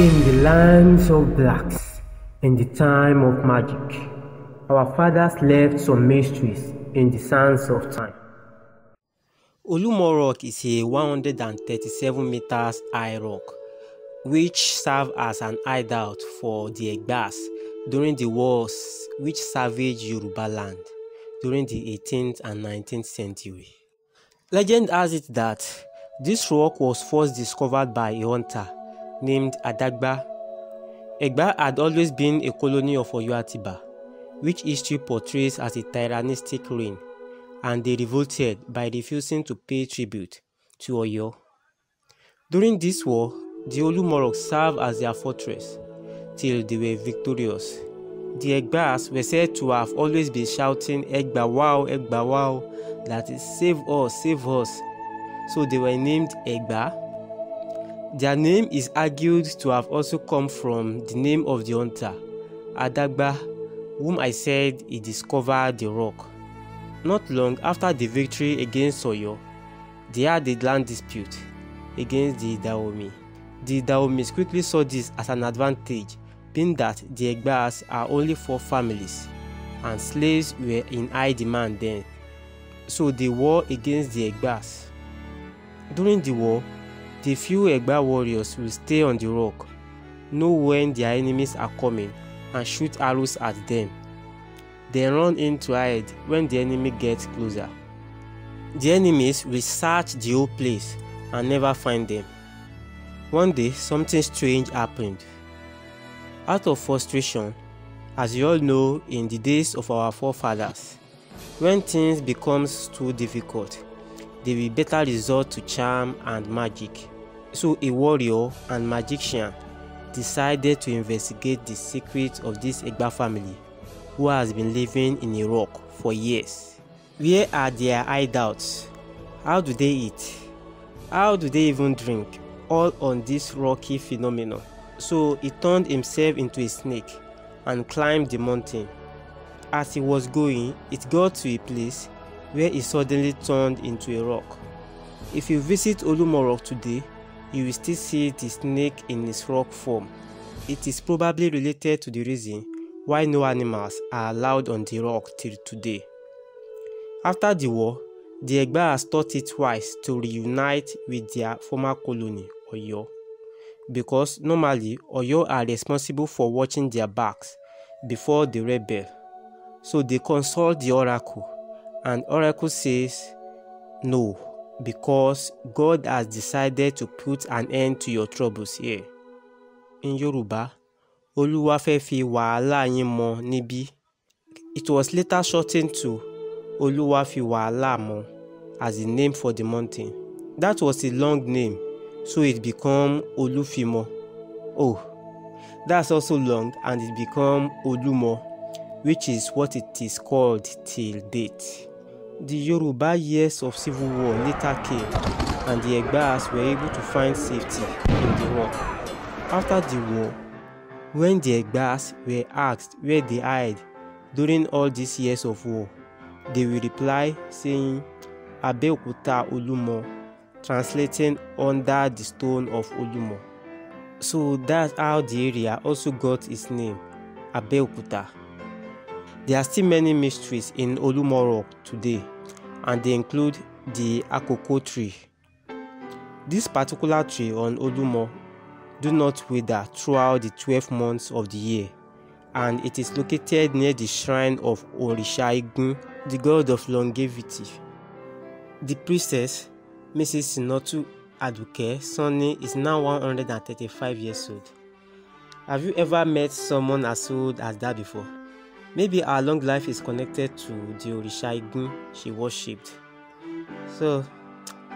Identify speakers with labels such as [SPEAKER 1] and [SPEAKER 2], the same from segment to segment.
[SPEAKER 1] in the lands of blacks in the time of magic. Our fathers left some mysteries in the sands of time. Olumo Rock is a 137 meters high rock which served as an hideout for the Egbas during the wars which savaged Yoruba land during the 18th and 19th century. Legend has it that this rock was first discovered by a hunter named Adagba. Egba had always been a colony of Oyo which history portrays as a tyrannistic reign, and they revolted by refusing to pay tribute to Oyo. During this war, the Olumorok served as their fortress till they were victorious. The Egbas were said to have always been shouting Egba wow, Egba wow, that is save us, save us. So they were named Egba their name is argued to have also come from the name of the hunter, Adagba, whom I said he discovered the rock. Not long after the victory against Soyo, they had a land dispute against the Daomi. The Daomis quickly saw this as an advantage, being that the Egbas are only four families, and slaves were in high demand then. So they war against the Egbas. During the war, the few Egba warriors will stay on the rock, know when their enemies are coming, and shoot arrows at them. They run in to hide when the enemy gets closer. The enemies will search the whole place and never find them. One day, something strange happened. Out of frustration, as you all know in the days of our forefathers, when things becomes too difficult, they will better resort to charm and magic. So a warrior and magician decided to investigate the secret of this Egba family who has been living in a rock for years. Where are their hideouts? How do they eat? How do they even drink? All on this rocky phenomenon. So he turned himself into a snake and climbed the mountain. As he was going, it got to a place where it suddenly turned into a rock. If you visit Olumorok today, you will still see the snake in its rock form. It is probably related to the reason why no animals are allowed on the rock till today. After the war, the Egba has thought it wise to reunite with their former colony, Oyo, because normally Oyo are responsible for watching their backs before the rebel, so they consult the oracle and Oracle says, No, because God has decided to put an end to your troubles here. In Yoruba, Olúwa fẹ́ fi wàhálà yín mọ It was later shortened to oluwa fi wàhálà mọ as the name for the mountain. That was a long name, so it became Olúfimọ. Oh, that's also long and it became Olúmọ, which is what it is called till date the Yoruba years of civil war later came and the Egbas were able to find safety in the war. After the war, when the Egbas were asked where they hid during all these years of war, they will reply saying, Abeokuta Olumo, translating under the stone of Olumo. So that's how the area also got its name, Abeokuta. There are still many mysteries in Olumoro today, and they include the Akoko tree. This particular tree on Olumo do not wither throughout the 12 months of the year, and it is located near the shrine of Orisha Igun, the god of longevity. The priestess, Mrs. Sinotu Aduke Sonny, is now 135 years old. Have you ever met someone as old as that before? Maybe her long life is connected to the Orisha Igun she worshipped. So,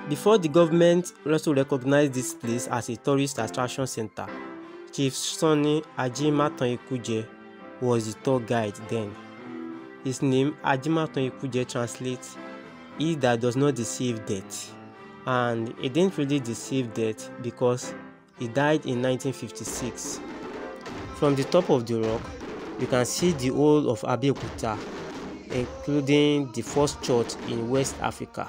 [SPEAKER 1] before the government also recognized this place as a tourist attraction center, Chief Sonny Ajima Ikuje was the tour guide then. His name Ajima Ikuje translates "He that does not deceive death," and he didn't really deceive death because he died in 1956. From the top of the rock, you can see the whole of Abeokuta, including the first church in West Africa.